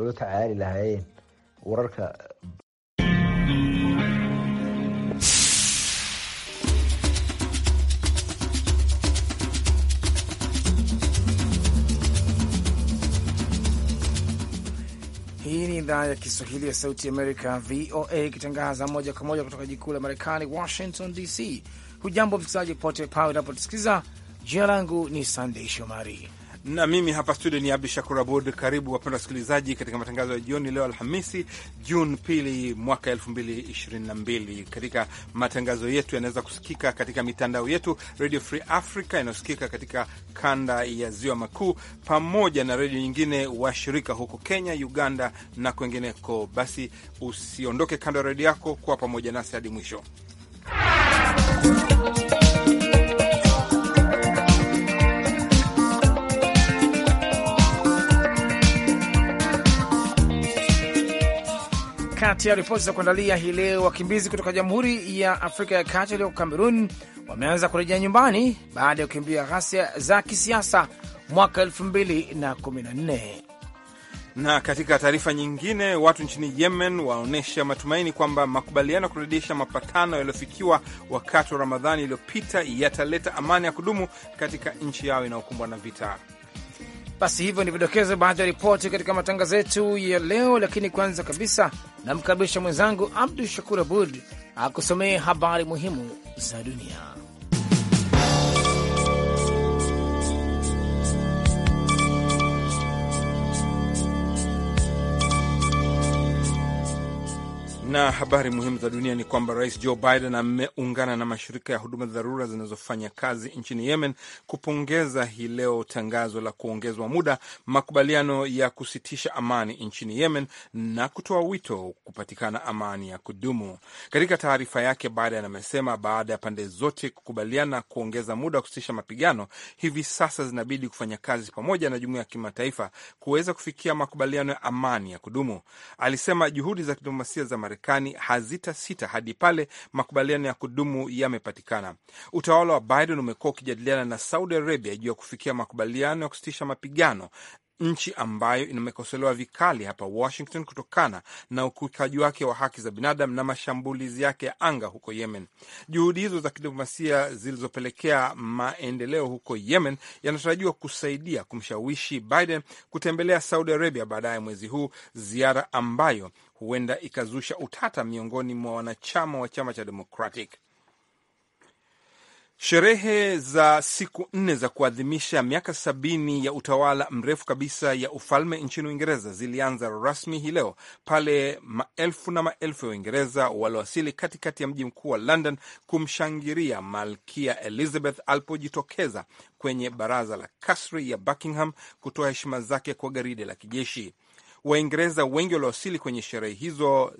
ula tacaali lahaayeen wararka. Hii ni idhaa ya Kiswahili ya Sauti Amerika, VOA, ikitangaza moja kwa moja kutoka jikuu la Marekani, Washington DC. Hujambo msikilizaji pote pao inapotusikiliza. Jina langu ni Sandei Shomari na mimi hapa studio ni Abdu Shakur Abud. Karibu wapenda wasikilizaji katika matangazo ya jioni leo Alhamisi, Juni pili mwaka elfu mbili ishirini na mbili. Katika matangazo yetu yanaweza kusikika katika mitandao yetu Radio Free Africa inayosikika katika kanda ya ziwa makuu pamoja na redio nyingine washirika huko Kenya, Uganda na kwengineko. Basi usiondoke kando ya redio yako, kuwa pamoja nasi hadi mwisho. kati ya ripoti za kuandalia hii leo, wakimbizi kutoka Jamhuri ya Afrika ya Kati walioko Kamerun wameanza kurejea nyumbani baada ya kukimbia ghasia za kisiasa mwaka 2014. Na katika taarifa nyingine, watu nchini Yemen waonyesha matumaini kwamba makubaliano ya kurejesha mapatano yaliyofikiwa wakati wa Ramadhani iliyopita yataleta amani ya kudumu katika nchi yao inayokumbwa na vita. Basi hivyo ni vidokezo baadhi ya ripoti katika matangazo yetu ya leo, lakini kwanza kabisa namkaribisha mwenzangu Abdu Shakur Abud akusomee habari muhimu za dunia. Na habari muhimu za dunia ni kwamba rais Joe Biden ameungana na mashirika ya huduma dharura zinazofanya kazi nchini Yemen kupongeza hii leo tangazo la kuongezwa muda makubaliano ya kusitisha amani nchini Yemen na kutoa wito kupatikana amani ya kudumu. Katika taarifa yake, Biden amesema baada ya pande zote kukubaliana kuongeza muda wa kusitisha mapigano, hivi sasa zinabidi kufanya kazi pamoja na jumuiya ya kimataifa kuweza kufikia makubaliano ya amani ya kudumu. Alisema juhudi za kidiplomasia za Marekani Marekani hazitasita hadi pale makubaliano ya kudumu yamepatikana. Utawala wa Biden umekuwa ukijadiliana na Saudi Arabia juu ya kufikia makubaliano ya kusitisha mapigano nchi ambayo imekosolewa vikali hapa Washington kutokana na ukiukaji wake wa haki za binadamu na mashambulizi yake ya anga huko Yemen. Juhudi hizo za kidiplomasia zilizopelekea maendeleo huko Yemen yanatarajiwa kusaidia kumshawishi Biden kutembelea Saudi Arabia baadaye mwezi huu, ziara ambayo huenda ikazusha utata miongoni mwa wanachama wa chama cha Democratic. Sherehe za siku nne za kuadhimisha miaka sabini ya utawala mrefu kabisa ya ufalme nchini Uingereza zilianza rasmi hii leo pale maelfu na maelfu ya Uingereza waliowasili katikati ya mji mkuu wa London kumshangilia Malkia Elizabeth alipojitokeza kwenye baraza la kasri ya Buckingham kutoa heshima zake kwa garide la kijeshi. Waingereza wengi waliowasili kwenye sherehe hizo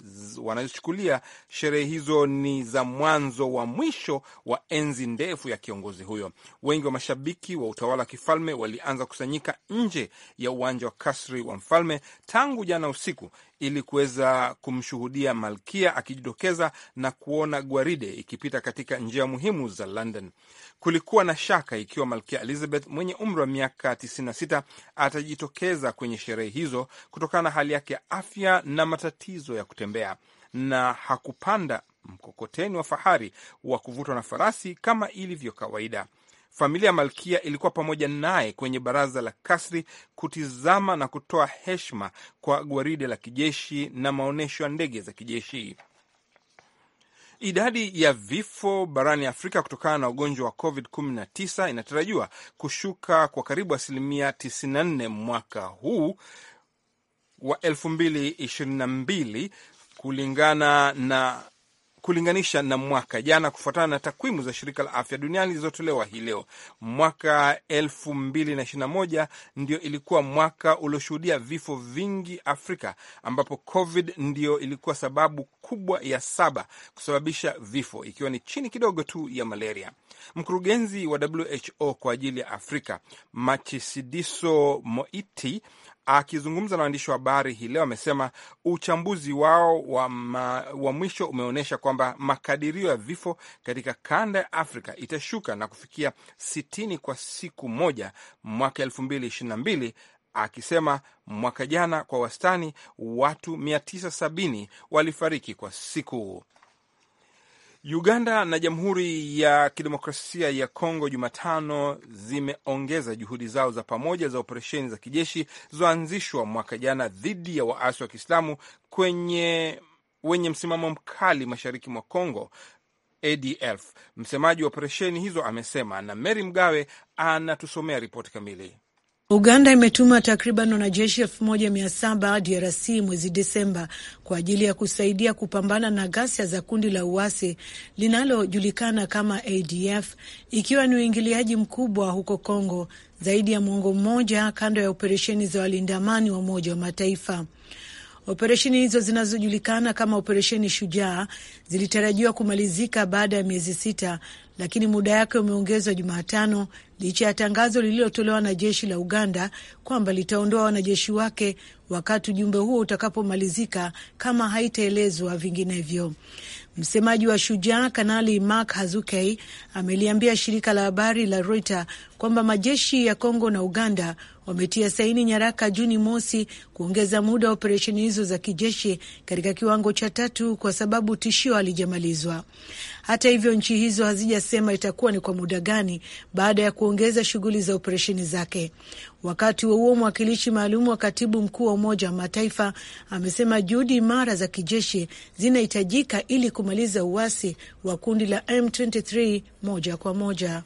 wanazichukulia sherehe hizo ni za mwanzo wa mwisho wa enzi ndefu ya kiongozi huyo. Wengi wa mashabiki wa utawala wa kifalme walianza kusanyika nje ya uwanja wa kasri wa mfalme tangu jana usiku ili kuweza kumshuhudia malkia akijitokeza na kuona gwaride ikipita katika njia muhimu za London. Kulikuwa na shaka ikiwa malkia Elizabeth mwenye umri wa miaka 96 atajitokeza kwenye sherehe hizo kutokana na hali yake ya afya na matatizo ya kutembea, na hakupanda mkokoteni wa fahari wa kuvutwa na farasi kama ilivyo kawaida. Familia ya malkia ilikuwa pamoja naye kwenye baraza la kasri kutizama na kutoa heshima kwa gwaride la kijeshi na maonyesho ya ndege za kijeshi. Idadi ya vifo barani Afrika kutokana na ugonjwa wa COVID-19 inatarajiwa kushuka kwa karibu asilimia 94 mwaka huu wa 2022 kulingana na kulinganisha na mwaka jana, kufuatana na takwimu za shirika la afya duniani zilizotolewa hii leo. Mwaka 2021 ndio ilikuwa mwaka ulioshuhudia vifo vingi Afrika, ambapo COVID ndio ilikuwa sababu kubwa ya saba kusababisha vifo, ikiwa ni chini kidogo tu ya malaria. Mkurugenzi wa WHO kwa ajili ya Afrika Machisidiso Moiti akizungumza na waandishi wa habari hii leo amesema uchambuzi wao wa, ma, wa mwisho umeonyesha kwa kwamba makadirio ya vifo katika kanda ya Afrika itashuka na kufikia sitini kwa siku moja mwaka elfu mbili ishirini na mbili akisema mwaka jana kwa wastani watu 970 walifariki kwa siku. Uganda na Jamhuri ya Kidemokrasia ya Kongo Jumatano zimeongeza juhudi zao za pamoja za operesheni za kijeshi zilizoanzishwa mwaka jana dhidi ya waasi wa Kiislamu kwenye wenye msimamo mkali mashariki mwa congo ADF. Msemaji wa operesheni hizo amesema, na Mary Mgawe anatusomea ripoti kamili. Uganda imetuma takriban wanajeshi elfu moja mia saba DRC mwezi Desemba kwa ajili ya kusaidia kupambana na ghasia za kundi la uasi linalojulikana kama ADF, ikiwa ni uingiliaji mkubwa huko congo zaidi ya mwongo mmoja, kando ya operesheni za walinda amani wa Umoja wa Mataifa. Operesheni hizo zinazojulikana kama Operesheni Shujaa zilitarajiwa kumalizika baada ya miezi sita, lakini muda yake umeongezwa Jumatano licha ya tangazo lililotolewa na jeshi la Uganda kwamba litaondoa wanajeshi wake wakati ujumbe huo utakapomalizika kama haitaelezwa vinginevyo. Msemaji wa Shujaa, Kanali Mark Hazukay, ameliambia shirika la habari la Reuters kwamba majeshi ya Kongo na Uganda wametia saini nyaraka Juni mosi kuongeza muda wa operesheni hizo za kijeshi katika kiwango cha tatu kwa sababu tishio halijamalizwa. Hata hivyo, nchi hizo hazijasema itakuwa ni kwa muda gani baada ya kuongeza shughuli za operesheni zake. Wakati huo huo, mwakilishi maalum wa katibu mkuu wa Umoja wa Mataifa amesema juhudi imara za kijeshi zinahitajika ili kumaliza uasi wa kundi la M23 moja kwa moja.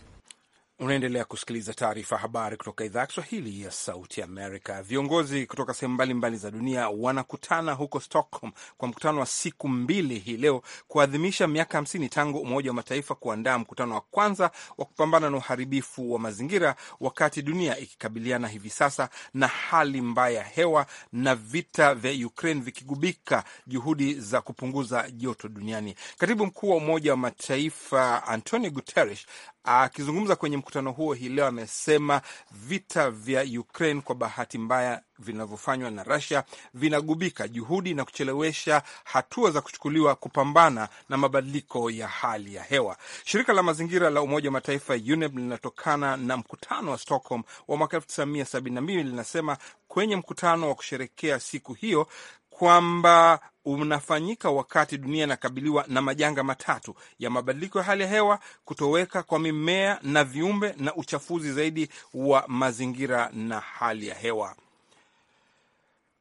Unaendelea kusikiliza taarifa habari kutoka idhaa ya Kiswahili ya Sauti Amerika. Viongozi kutoka sehemu mbalimbali za dunia wanakutana huko Stockholm kwa mkutano wa siku mbili hii leo kuadhimisha miaka hamsini tangu Umoja wa Mataifa kuandaa mkutano wa kwanza wa kupambana na uharibifu wa mazingira, wakati dunia ikikabiliana hivi sasa na hali mbaya ya hewa na vita vya Ukraine vikigubika juhudi za kupunguza joto duniani. Katibu mkuu wa Umoja wa Mataifa Antonio Guterres Akizungumza kwenye mkutano huo hii leo, amesema vita vya Ukraine kwa bahati mbaya vinavyofanywa na Russia vinagubika juhudi na kuchelewesha hatua za kuchukuliwa kupambana na mabadiliko ya hali ya hewa. Shirika la mazingira la Umoja wa Mataifa UNEP linatokana na mkutano wa Stockholm wa mwaka 1972 linasema kwenye mkutano wa kusherekea siku hiyo kwamba unafanyika wakati dunia inakabiliwa na majanga matatu ya mabadiliko ya hali ya hewa, kutoweka kwa mimea na viumbe, na uchafuzi zaidi wa mazingira na hali ya hewa.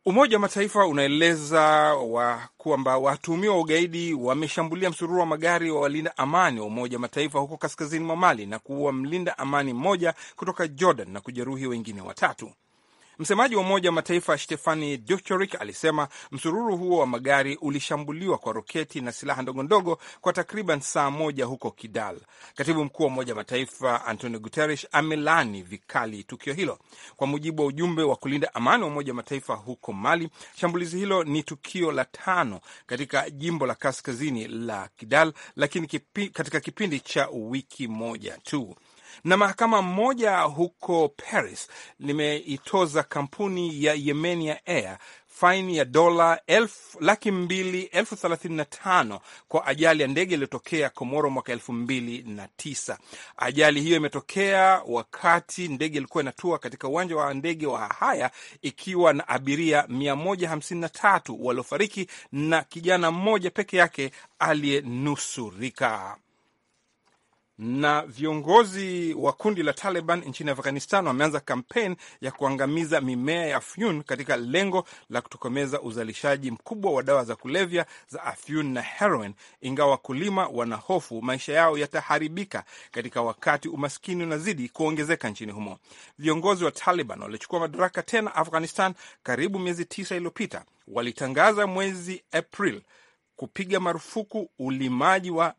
Umoja wa Mataifa unaeleza wa kwamba watuhumiwa wa ugaidi wameshambulia msururu wa magari wa walinda amani wa Umoja wa Mataifa huko kaskazini mwa Mali na kuua mlinda amani mmoja kutoka Jordan na kujeruhi wengine watatu. Msemaji wa Umoja wa Mataifa Stefani Ducherik alisema msururu huo wa magari ulishambuliwa kwa roketi na silaha ndogondogo kwa takriban saa moja huko Kidal. Katibu mkuu wa Umoja wa Mataifa Antonio Guterres amelani vikali tukio hilo. Kwa mujibu wa ujumbe wa kulinda amani wa Umoja wa Mataifa huko Mali, shambulizi hilo ni tukio la tano katika jimbo la kaskazini la Kidal, lakini kipi, katika kipindi cha wiki moja tu. Na mahakama moja huko Paris limeitoza kampuni ya Yemenia Air faini ya dola laki mbili elfu thelathini na tano kwa ajali ya ndege iliyotokea Komoro mwaka elfu mbili na tisa. Ajali hiyo imetokea wakati ndege ilikuwa inatua katika uwanja wa ndege wa Haya ikiwa na abiria tatu waliofariki na kijana mmoja peke yake aliyenusurika na viongozi wa kundi la Taliban nchini Afghanistan wameanza kampeni ya kuangamiza mimea ya afyun katika lengo la kutokomeza uzalishaji mkubwa wa dawa za kulevya za afyun na heroin, ingawa wakulima wanahofu maisha yao yataharibika katika wakati umaskini unazidi kuongezeka nchini humo. Viongozi wa Taliban waliochukua madaraka tena Afghanistan karibu miezi tisa iliyopita walitangaza mwezi Aprili kupiga marufuku ulimaji wa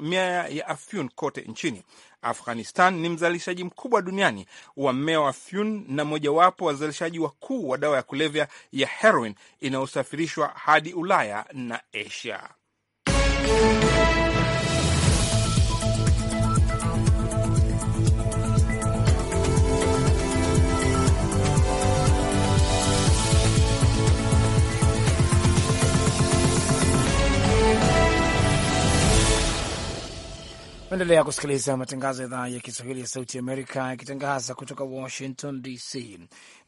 mimea ya afyun kote nchini. Afghanistan ni mzalishaji mkubwa duniani wa mmea wa afyun na mojawapo wazalishaji wakuu wa dawa ya kulevya ya heroin inayosafirishwa hadi Ulaya na Asia. Endelea kusikiliza matangazo ya idhaa ya Kiswahili ya Sauti Amerika yakitangaza kutoka Washington DC.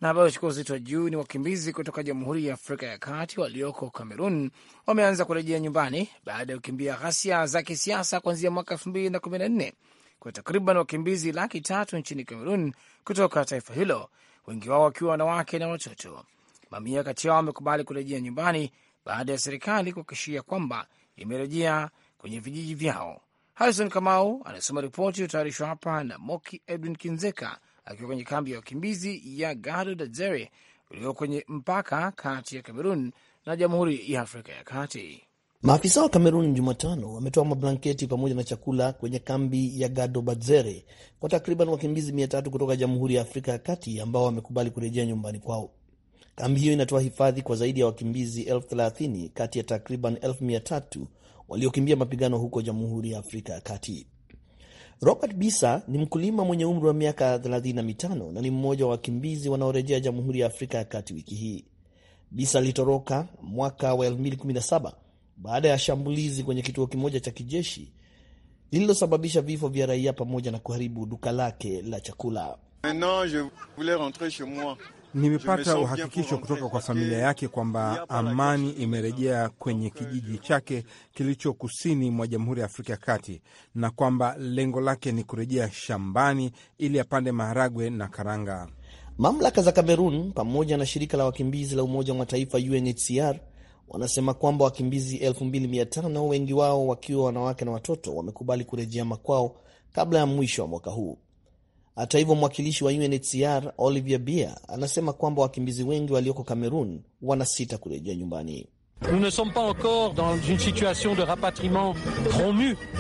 Na habari chukua uzito wa juu ni wakimbizi kutoka Jamhuri ya Afrika ya Kati walioko cameron wameanza kurejea nyumbani baada ya kukimbia ghasia za kisiasa kuanzia mwaka elfu mbili na kumi na nne kwa takriban wakimbizi laki tatu nchini cameroon kutoka taifa hilo, wengi wao wakiwa wanawake na watoto. Mamia kati yao wamekubali kurejea nyumbani baada ya serikali kuhakikishia kwamba imerejea kwenye vijiji vyao. Harison Kamau anasoma ripoti iliyotayarishwa hapa na Moki Edwin Kinzeka akiwa kwenye kambi ya wakimbizi ya Gado Zere ulioko kwenye mpaka kati ya Kamerun na Jamhuri ya Afrika ya Kati. Maafisa wa Kamerun Jumatano wametoa mablanketi pamoja na chakula kwenye kambi ya Gado Badzere kwa takriban wakimbizi mia tatu kutoka Jamhuri ya Afrika ya Kati ambao wamekubali kurejea nyumbani kwao. Kambi hiyo inatoa hifadhi kwa zaidi ya wakimbizi elfu thelathini kati ya takriban elfu mia tatu waliokimbia mapigano huko Jamhuri ya Afrika ya Kati. Robert Bisa ni mkulima mwenye umri wa miaka 35 na ni mmoja wa wakimbizi wanaorejea Jamhuri ya Afrika ya Kati wiki hii. Bisa alitoroka mwaka wa 2017 baada ya shambulizi kwenye kituo kimoja cha kijeshi lililosababisha vifo vya raia pamoja na kuharibu duka lake la chakula. Maintenant, je voulais rentrer chez moi. Nimepata uhakikisho kutoka kwa familia yake kwamba amani imerejea kwenye kijiji chake kilicho kusini mwa Jamhuri ya Afrika ya Kati na kwamba lengo lake ni kurejea shambani ili apande maharagwe na karanga. Mamlaka za Kamerun pamoja na shirika la wakimbizi la Umoja wa Mataifa UNHCR wanasema kwamba wakimbizi 2500 wengi wao wakiwa wanawake na watoto wamekubali kurejea makwao kabla ya mwisho wa mwaka huu. Hata hivyo, mwakilishi wa UNHCR Olivier Bia anasema kwamba wakimbizi wengi walioko Kamerun wanasita kurejea nyumbani. Nous ne sommes pas encore dans une situation de rapatriement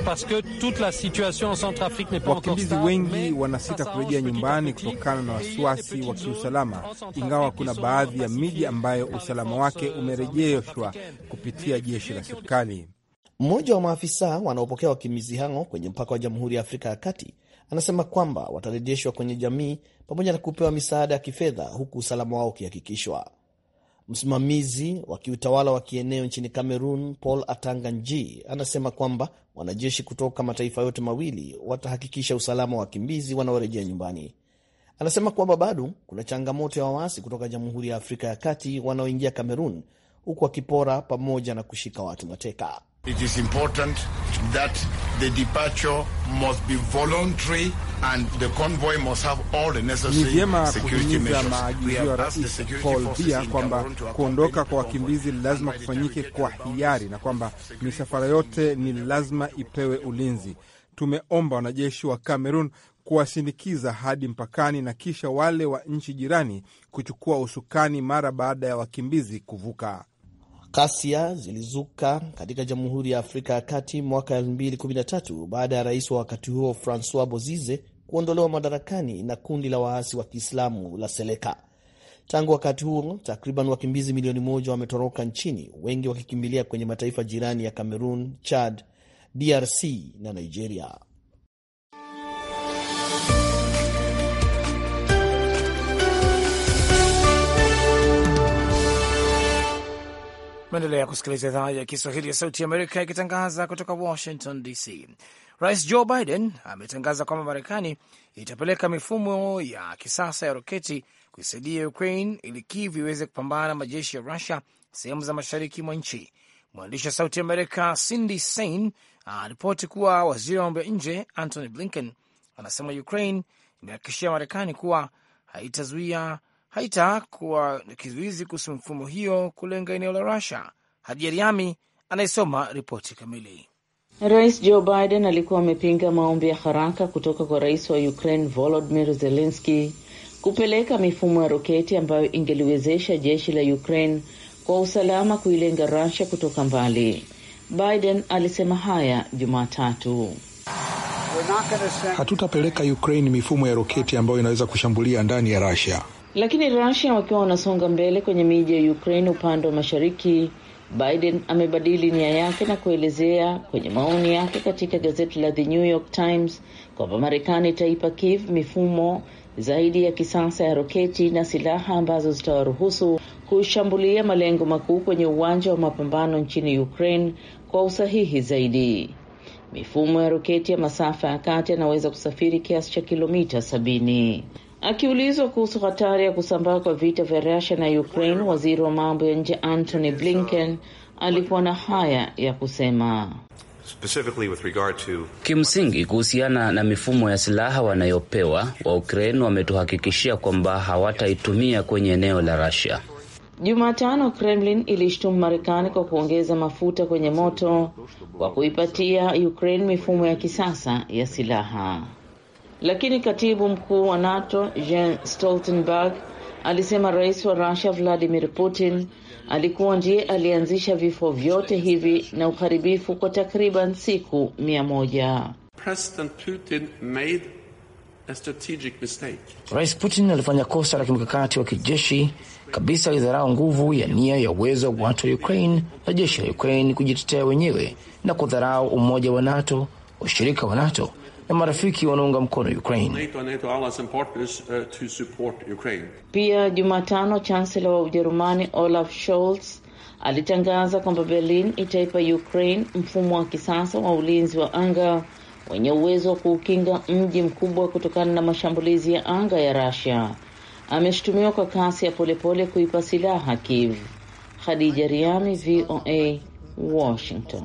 parce que toute la situation en Centrafrique n'est pas encore stable. Wakimbizi wengi wanasita kurejea nyumbani kutokana na wasiwasi wa kiusalama, ingawa kuna baadhi ya miji ambayo usalama wake umerejeshwa kupitia jeshi la serikali. Mmoja wa maafisa wanaopokea wakimbizi hao kwenye mpaka wa Jamhuri ya Afrika ya Kati Anasema kwamba watarejeshwa kwenye jamii pamoja na kupewa misaada ya kifedha huku usalama wao ukihakikishwa. Msimamizi wa kiutawala wa kieneo nchini Cameroon, Paul Atanga Nji, anasema kwamba wanajeshi kutoka mataifa yote mawili watahakikisha usalama wa wakimbizi wanaorejea nyumbani. Anasema kwamba bado kuna changamoto ya waasi kutoka Jamhuri ya Afrika ya Kati wanaoingia Cameroon, huku wakipora pamoja na kushika watu mateka. It is important that the departure must be voluntary and the convoy must have all the necessary. Ni vyema kuhimiza maagizo ya Rais Paul Biya kwamba kuondoka kwa wakimbizi lazima kufanyike kwa hiari na kwamba misafara yote ni lazima ipewe ulinzi. Tumeomba wanajeshi wa Cameroon kuwasindikiza hadi mpakani na kisha wale wa nchi jirani kuchukua usukani mara baada ya wakimbizi kuvuka. Ghasia zilizuka katika Jamhuri ya Afrika ya Kati mwaka 2013 baada ya rais wa wakati huo Francois Bozize kuondolewa madarakani na kundi la waasi wa Kiislamu la Seleka. Tangu wakati huo takriban wakimbizi milioni moja wametoroka nchini, wengi wakikimbilia kwenye mataifa jirani ya Cameroon, Chad, DRC na Nigeria. Maendelea kusikiliza idhaa ya Kiswahili ya Sauti ya Amerika ikitangaza kutoka Washington DC. Rais Joe Biden ametangaza kwamba Marekani itapeleka mifumo ya kisasa ya roketi kuisaidia Ukraine ili Kiev iweze kupambana na majeshi ya Rusia sehemu za mashariki mwa nchi. Mwandishi wa Sauti ya Amerika Cindy Sain anaripoti kuwa waziri wa mambo ya nje Antony Blinken anasema Ukraine imehakikishia Marekani kuwa haitazuia haitakuwa kizuizi kuhusu mfumo hiyo kulenga eneo la Rusia. Hadija Riami anayesoma ripoti kamili. Rais Joe Biden alikuwa amepinga maombi ya haraka kutoka kwa rais wa Ukraine volodimir zelenski kupeleka mifumo ya roketi ambayo ingeliwezesha jeshi la Ukraine kwa usalama kuilenga Russia kutoka mbali. Biden alisema haya Jumatatu. Hatutapeleka Ukraine mifumo ya roketi ambayo inaweza kushambulia ndani ya Russia. Lakini Russia wakiwa wanasonga mbele kwenye miji ya Ukraine upande wa mashariki, Biden amebadili nia yake na kuelezea kwenye maoni yake katika gazeti la The New York Times kwamba Marekani itaipa Kiev mifumo zaidi ya kisasa ya roketi na silaha ambazo zitawaruhusu kushambulia malengo makuu kwenye uwanja wa mapambano nchini Ukraine kwa usahihi zaidi. Mifumo ya roketi ya masafa ya kati yanaweza kusafiri kiasi cha kilomita sabini. Akiulizwa kuhusu hatari ya kusambaa kwa vita vya Rusia na Ukraine, waziri wa mambo ya nje Antony Blinken alikuwa na haya ya kusema. With to... Kimsingi, kuhusiana na mifumo ya silaha wanayopewa wa Ukraine, wametuhakikishia kwamba hawataitumia kwenye eneo la Russia. Jumatano, Kremlin ilishtumu Marekani kwa kuongeza mafuta kwenye moto kwa kuipatia Ukraine mifumo ya kisasa ya silaha lakini katibu mkuu wa NATO Jens Stoltenberg alisema rais wa Russia Vladimir Putin alikuwa ndiye alianzisha vifo vyote hivi na uharibifu kwa takriban siku mia moja. Rais Putin alifanya kosa la kimkakati wa kijeshi kabisa. Alidharau nguvu ya nia ya uwezo wa watu wa Ukraine na jeshi la Ukraine kujitetea wenyewe na kudharau umoja wa NATO, ushirika wa NATO na marafiki wanaunga mkono Ukraine. Uh, Pia Jumatano, chansela wa Ujerumani Olaf Scholz alitangaza kwamba Berlin itaipa Ukraine mfumo wa kisasa wa ulinzi wa anga wenye uwezo wa kuukinga mji mkubwa kutokana na mashambulizi ya anga ya Russia. Ameshutumiwa kwa kasi ya polepole kuipa silaha Kiev. Khadija Riami, VOA, Washington.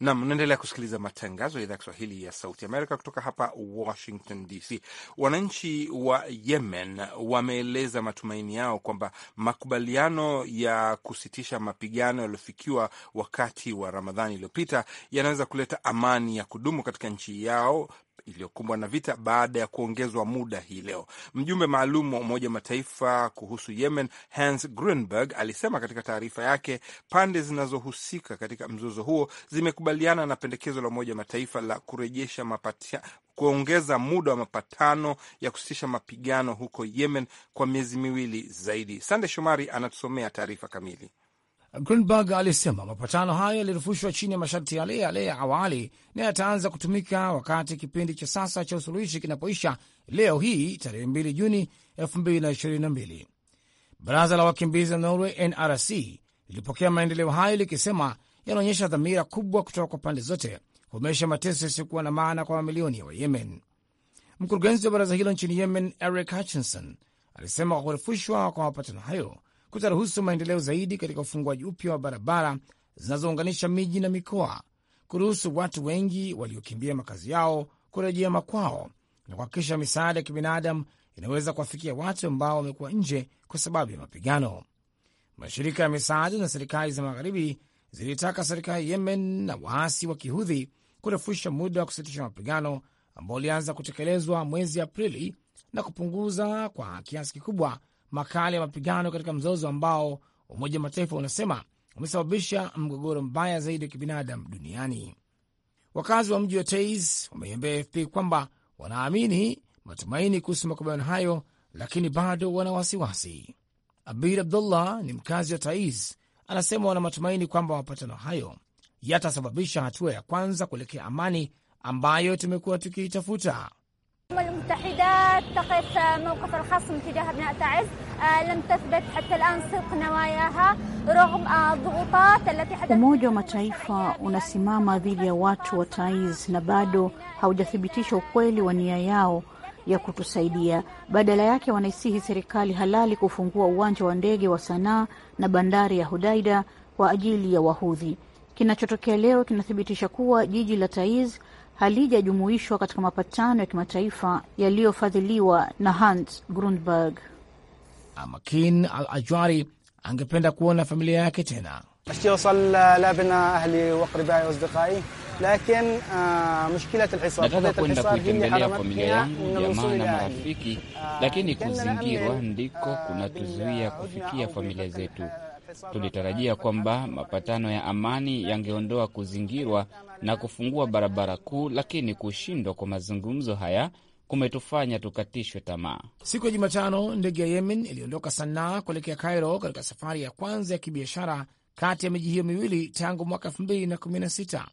nam naendelea kusikiliza matangazo ya idhaa ya Kiswahili ya Sauti Amerika kutoka hapa Washington DC. Wananchi wa Yemen wameeleza matumaini yao kwamba makubaliano ya kusitisha mapigano yaliyofikiwa wakati wa Ramadhani iliyopita yanaweza kuleta amani ya kudumu katika nchi yao iliyokumbwa na vita baada ya kuongezwa muda hii leo. Mjumbe maalum wa Umoja Mataifa kuhusu Yemen Hans Grunberg alisema katika taarifa yake, pande zinazohusika katika mzozo huo zimekubaliana na pendekezo la Umoja Mataifa la kurejesha mapatia, kuongeza muda wa mapatano ya kusitisha mapigano huko Yemen kwa miezi miwili zaidi. Sande Shomari anatusomea taarifa kamili. Greenberg alisema mapatano hayo yalirefushwa chini ya masharti yale yale ya awali na yataanza kutumika wakati kipindi cha sasa cha usuluhishi kinapoisha leo hii tarehe 2 Juni 2022. Baraza la wakimbizi la Norway, NRC, lilipokea maendeleo hayo likisema yanaonyesha dhamira kubwa kutoka kwa pande zote kukomesha mateso yasiyokuwa na maana kwa mamilioni ya Wayemen. Mkurugenzi wa baraza hilo nchini Yemen, Eric Hutchinson, alisema kwa kurefushwa kwa mapatano hayo kutaruhusu maendeleo zaidi katika ufunguaji upya wa barabara zinazounganisha miji na mikoa, kuruhusu watu wengi waliokimbia makazi yao kurejea makwao na kuhakikisha misaada ya kibinadamu inaweza kuwafikia watu ambao wamekuwa nje kwa sababu ya mapigano. Mashirika ya misaada na serikali za magharibi zilitaka serikali ya Yemen na waasi wa kihudhi kurefusha muda wa kusitisha mapigano ambao ulianza kutekelezwa mwezi Aprili na kupunguza kwa kiasi kikubwa makali ya mapigano katika mzozo ambao Umoja wa Mataifa unasema umesababisha mgogoro mbaya zaidi wa kibinadamu duniani. Wakazi wa mji wa Taiz wameiambia AFP kwamba wanaamini matumaini kuhusu makubaliano hayo, lakini bado wana wasiwasi. Abir Abdullah ni mkazi wa Taiz, anasema wana matumaini kwamba mapatano hayo yatasababisha hatua ya kwanza kuelekea amani ambayo tumekuwa tukiitafuta. المتحدات تقف موقف الخصم تجاه ابناء تعز لم تثبت حتى الآن صدق نواياها رغم الضغوطات التي حدثت. Umoja wa Mataifa unasimama dhidi ya watu wa Taiz na bado haujathibitisha ukweli wa nia yao ya kutusaidia. Badala yake, wanaisihi serikali halali kufungua uwanja wa ndege wa Sanaa na bandari ya Hudaida kwa ajili ya Wahudhi. Kinachotokea leo kinathibitisha kuwa jiji la Taiz halijajumuishwa katika mapatano ya kimataifa yaliyofadhiliwa na Hans Grundberg. Amakin Al Ajwari angependa kuona familia yake tena. Ah, Nataka kwenda kuitembelea familia yangu, jamaa na marafiki, lakini kuzingirwa ndiko ah, kunatuzuia kufikia familia zetu. Tulitarajia kwamba mapatano ya amani yangeondoa kuzingirwa na kufungua barabara kuu, lakini kushindwa kwa mazungumzo haya kumetufanya tukatishwe tamaa. Siku ya Jumatano, ndege ya Yemen iliondoka Sanaa kuelekea Cairo katika safari ya kwanza ya kibiashara kati ya miji hiyo miwili tangu mwaka 2016.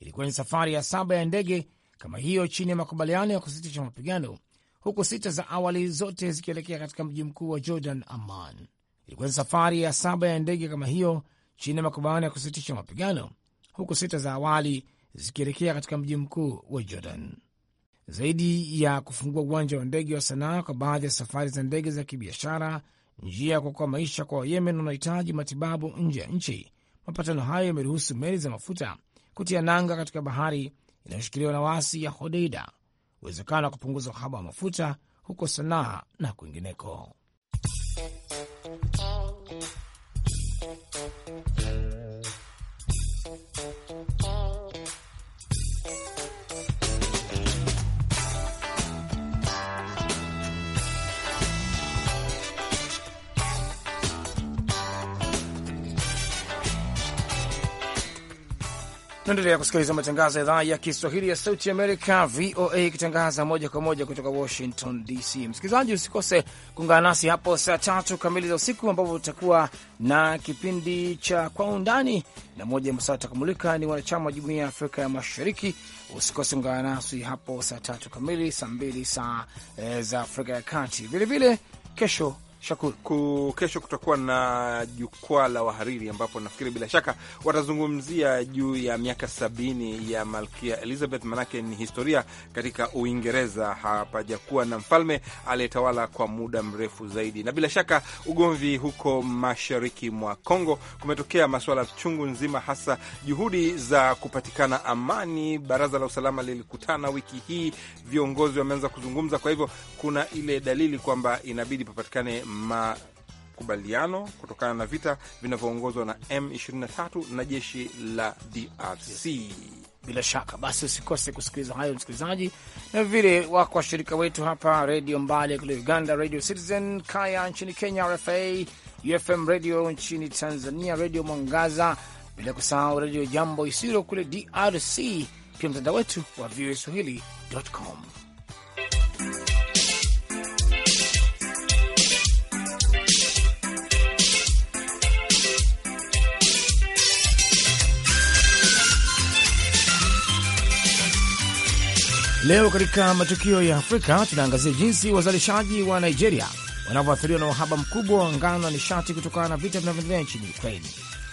Ilikuwa ni safari ya saba ya ndege kama hiyo chini ya makubaliano ya kusitisha mapigano, huku sita za awali zote zikielekea katika mji mkuu wa Jordan, Amman ilikuwa ni safari ya saba ya ndege kama hiyo chini ya makubaliano ya kusitisha mapigano, huku sita za awali zikielekea katika mji mkuu wa Jordan. Zaidi ya kufungua uwanja wa ndege wa Sanaa kwa baadhi ya safari za ndege za kibiashara, njia ya kuokoa maisha kwa Wayemen wanaohitaji matibabu nje ya nchi, mapatano hayo yameruhusu meli za mafuta kutia nanga katika bahari inayoshikiliwa na waasi ya Hodeida, uwezekano wa kupunguza uhaba wa mafuta huko Sanaa na kwingineko. Tunaendelea kusikiliza matangazo ya idhaa ya Kiswahili ya Sauti Amerika, VOA, ikitangaza moja kwa moja kutoka Washington DC. Msikilizaji, usikose kuungana nasi hapo saa tatu kamili za usiku, ambapo utakuwa na kipindi cha Kwa Undani na moja ya masuala ni wanachama wa jumuia ya Afrika ya Mashariki. Usikose kuungana nasi hapo saa tatu kamili, saa mbili saa e, za Afrika ya Kati. Vilevile kesho Shukuru. Kesho kutakuwa na jukwaa la wahariri ambapo nafikiri bila shaka watazungumzia juu ya miaka sabini ya Malkia Elizabeth, manake ni historia katika Uingereza, hapajakuwa na mfalme aliyetawala kwa muda mrefu zaidi. Na bila shaka ugomvi huko mashariki mwa Kongo kumetokea masuala chungu nzima, hasa juhudi za kupatikana amani. Baraza la usalama lilikutana wiki hii, viongozi wameanza kuzungumza, kwa hivyo kuna ile dalili kwamba inabidi papatikane makubaliano kutokana na vita vinavyoongozwa na M23 na jeshi la DRC. Bila shaka basi, usikose kusikiliza hayo msikilizaji, na vile wako washirika wetu hapa redio Mbali kule Uganda, Radio Citizen, Kaya nchini Kenya, RFA UFM redio nchini Tanzania, redio Mwangaza, bila kusahau redio Jambo Isiro kule DRC, pia mtandao wetu wa VOA Swahili.com. Leo katika matukio ya Afrika tunaangazia jinsi wazalishaji wa Nigeria wanavyoathiriwa na uhaba mkubwa wa ngano na nishati kutokana na vita vinavyoendelea nchini Ukraini.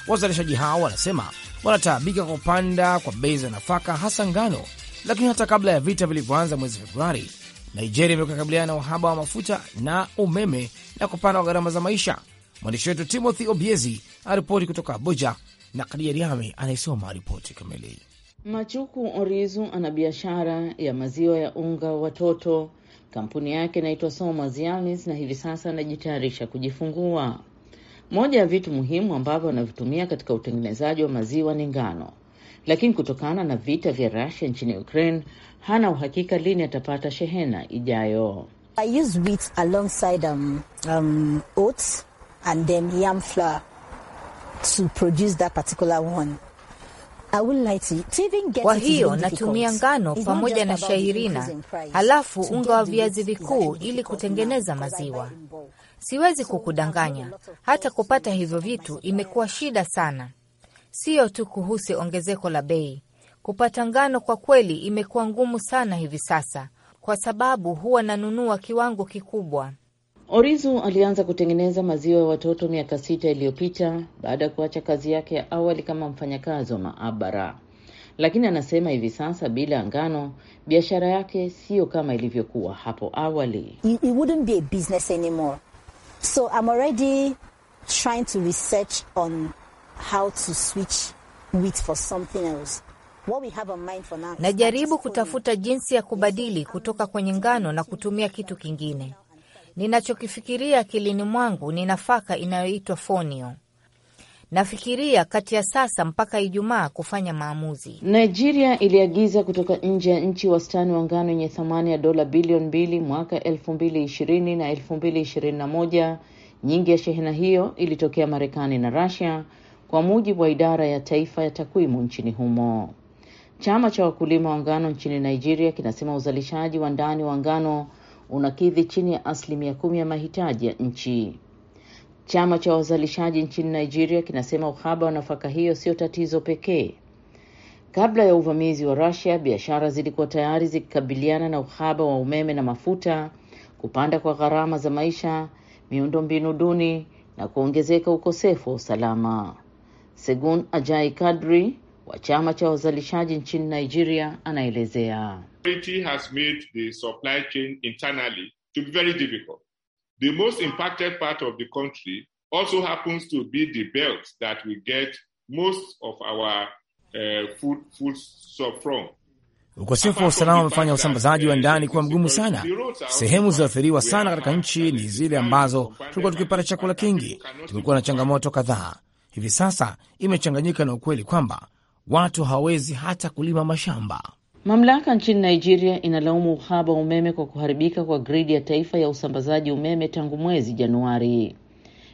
Wazalishaji hao wanasema wanataabika kwa kupanda kwa bei za nafaka, hasa ngano. Lakini hata kabla ya vita vilivyoanza mwezi Februari, Nigeria imekuwa kabiliana na uhaba wa mafuta na umeme na kupanda kwa gharama za maisha. Mwandishi wetu Timothy Obiezi aripoti kutoka Abuja na Kadia Riame anayesoma ripoti kamili. Machuku Orizu ana biashara ya maziwa ya unga watoto. Kampuni yake inaitwa Soma Zialis na hivi sasa anajitayarisha kujifungua. Moja ya vitu muhimu ambavyo anavitumia katika utengenezaji wa maziwa ni ngano, lakini kutokana na vita vya Russia nchini Ukraine hana uhakika lini atapata shehena ijayo. I use wheat alongside, um, um, oats and then yam flour to produce that particular one. Kwa hiyo natumia ngano pamoja na shairina, halafu unga wa viazi vikuu ili kutengeneza maziwa. Siwezi kukudanganya, hata kupata hivyo vitu imekuwa shida sana. Siyo tu kuhusu ongezeko la bei, kupata ngano kwa kweli imekuwa ngumu sana hivi sasa, kwa sababu huwa nanunua kiwango kikubwa. Orizu alianza kutengeneza maziwa ya watoto miaka sita iliyopita baada ya kuacha kazi yake ya awali kama mfanyakazi wa maabara, lakini anasema hivi sasa bila ngano biashara yake siyo kama ilivyokuwa hapo awali. It wouldn't be a business anymore. So I'm already trying to research on how to switch wheat for something else. What we have mind for now. Najaribu kutafuta jinsi ya kubadili kutoka kwenye ngano na kutumia kitu kingine. Ninachokifikiria akilini mwangu ni nafaka inayoitwa fonio. Nafikiria kati ya sasa mpaka Ijumaa kufanya maamuzi. Nigeria iliagiza kutoka nje ya nchi wastani wa ngano yenye thamani ya dola bilioni mbili mwaka elfu mbili ishirini na elfu mbili ishirini na moja. Nyingi ya shehena hiyo ilitokea Marekani na Rasia, kwa mujibu wa idara ya taifa ya takwimu nchini humo. Chama cha wakulima wa ngano nchini Nigeria kinasema uzalishaji wa ndani wa ngano unakidhi chini ya asilimia kumi ya mahitaji ya nchi. Chama cha wazalishaji nchini Nigeria kinasema uhaba wa nafaka hiyo sio tatizo pekee. Kabla ya uvamizi wa rasia biashara zilikuwa tayari zikikabiliana na uhaba wa umeme na mafuta, kupanda kwa gharama za maisha, miundo mbinu duni na kuongezeka ukosefu wa usalama. Segun Ajai Kadri, wa chama cha wazalishaji nchini Nigeria anaelezea the most impacted part of the country also happens to be the belt that we get most of our uh, food, food from. Ukosefu wa usalama umefanya usambazaji wa ndani kuwa mgumu sana. Sehemu zilizoathiriwa sana katika nchi ni zile ambazo tulikuwa tukipata chakula kingi. Tumekuwa na changamoto kadhaa hivi sasa, imechanganyika na ukweli kwamba watu hawawezi hata kulima mashamba. Mamlaka nchini Nigeria inalaumu uhaba wa umeme kwa kuharibika kwa gridi ya taifa ya usambazaji umeme tangu mwezi Januari.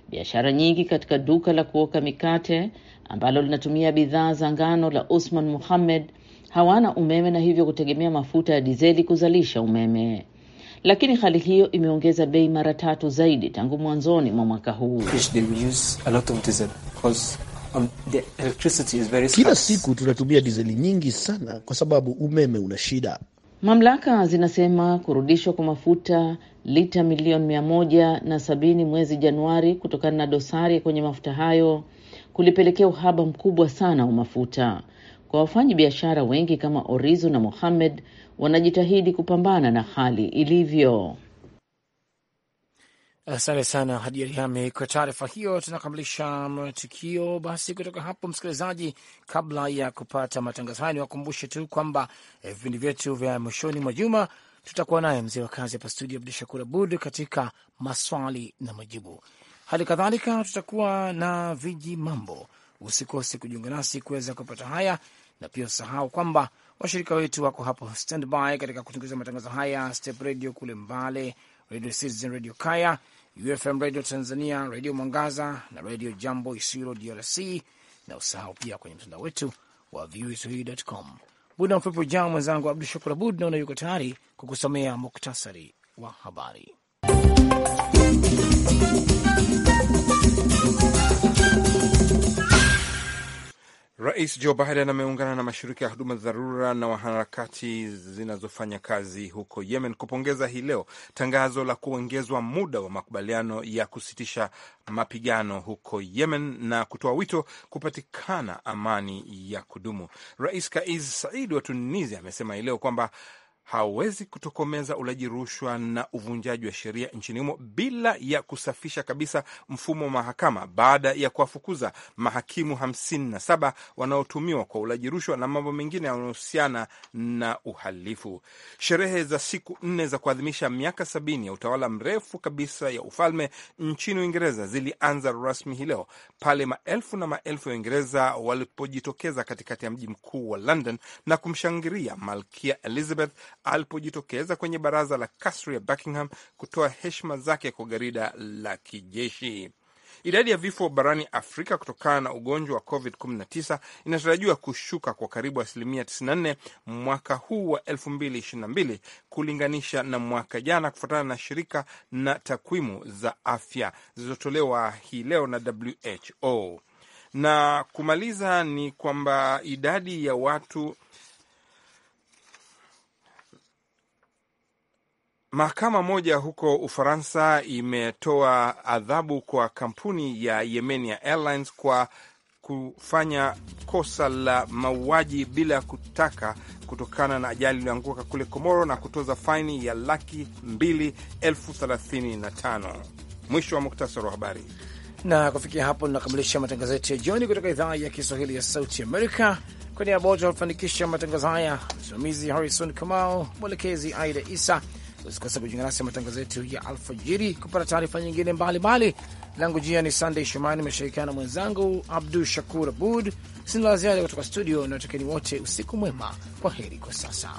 Biashara nyingi katika duka la kuoka mikate ambalo linatumia bidhaa za ngano la Usman Muhammed hawana umeme na hivyo kutegemea mafuta ya dizeli kuzalisha umeme, lakini hali hiyo imeongeza bei mara tatu zaidi tangu mwanzoni mwa mwaka huu. Um, Kila siku tunatumia dizeli nyingi sana kwa sababu umeme una shida. Mamlaka zinasema kurudishwa kwa mafuta lita milioni mia moja na sabini mwezi Januari kutokana na dosari kwenye mafuta hayo kulipelekea uhaba mkubwa sana wa mafuta. Kwa wafanyi biashara wengi kama Orizo na Mohamed wanajitahidi kupambana na hali ilivyo. Asante sana Hadi Arihami kwa taarifa hiyo. Tunakamilisha matukio basi kutoka hapo. Msikilizaji, kabla ya kupata matangazo haya, niwakumbushe tu kwamba eh, vipindi vyetu vya mwishoni mwa juma tutakuwa naye mzee wa kazi hapa studio Abdu Shakur Abud katika maswali na majibu. Hali kadhalika tutakuwa na viji mambo. Usikose kujiunga nasi kuweza kupata haya, na pia usahau kwamba washirika wetu wako hapo standby katika kutangaza matangazo haya, Step Radio kule Mbale, Radio Citizen, Radio Kaya, UFM Radio Tanzania, Radio Mwangaza na Radio Jambo Isiro DRC, na usahau pia kwenye mtandao wetu wa voaswahili.com. Muda mfupi ujao, mwenzangu Abdu Shakur Abud naona yuko tayari kukusomea muktasari wa habari. Rais Joe Biden ameungana na mashirika ya huduma za dharura na wanaharakati zinazofanya kazi huko Yemen kupongeza hii leo tangazo la kuongezwa muda wa makubaliano ya kusitisha mapigano huko Yemen na kutoa wito kupatikana amani ya kudumu. Rais Kais Said wa Tunisia amesema hii leo kwamba hawezi kutokomeza ulaji rushwa na uvunjaji wa sheria nchini humo bila ya kusafisha kabisa mfumo wa mahakama baada ya kuwafukuza mahakimu 57 wanaotumiwa kwa ulaji rushwa na mambo mengine yanayohusiana na uhalifu. Sherehe za siku nne za kuadhimisha miaka sabini ya utawala mrefu kabisa ya ufalme nchini Uingereza zilianza rasmi hii leo pale maelfu na maelfu ya Uingereza walipojitokeza katikati ya mji mkuu wa London na kumshangilia Malkia Elizabeth alipojitokeza kwenye baraza la kasri ya Buckingham kutoa heshima zake kwa garida la kijeshi. Idadi ya vifo barani Afrika kutokana na ugonjwa wa COVID-19 inatarajiwa kushuka kwa karibu asilimia 94 mwaka huu wa 2022 kulinganisha na mwaka jana, kufuatana na shirika na takwimu za afya zilizotolewa hii leo na WHO. Na kumaliza ni kwamba idadi ya watu Mahakama moja huko Ufaransa imetoa adhabu kwa kampuni ya Yemenia Airlines kwa kufanya kosa la mauaji bila ya kutaka kutokana na ajali iliyoanguka kule Komoro na kutoza faini ya laki mbili elfu thelathini na tano. Mwisho wa muktasari wa habari, na kufikia hapo tunakamilisha matangazo yetu ya jioni kutoka idhaa ya Kiswahili ya Sauti Amerika. Kwa niaba wote matangazo haya, msimamizi Harrison Kamau, mwelekezi Aida Isa. Usikose kujiunga nasi matangazo yetu ya alfajiri kupata taarifa nyingine mbalimbali. Langu jina ni Sunday Shumani, imeshirikiana na mwenzangu Abdu Shakur Abud. Sina la ziada kutoka studio na watakeni wote usiku mwema, kwa heri kwa sasa.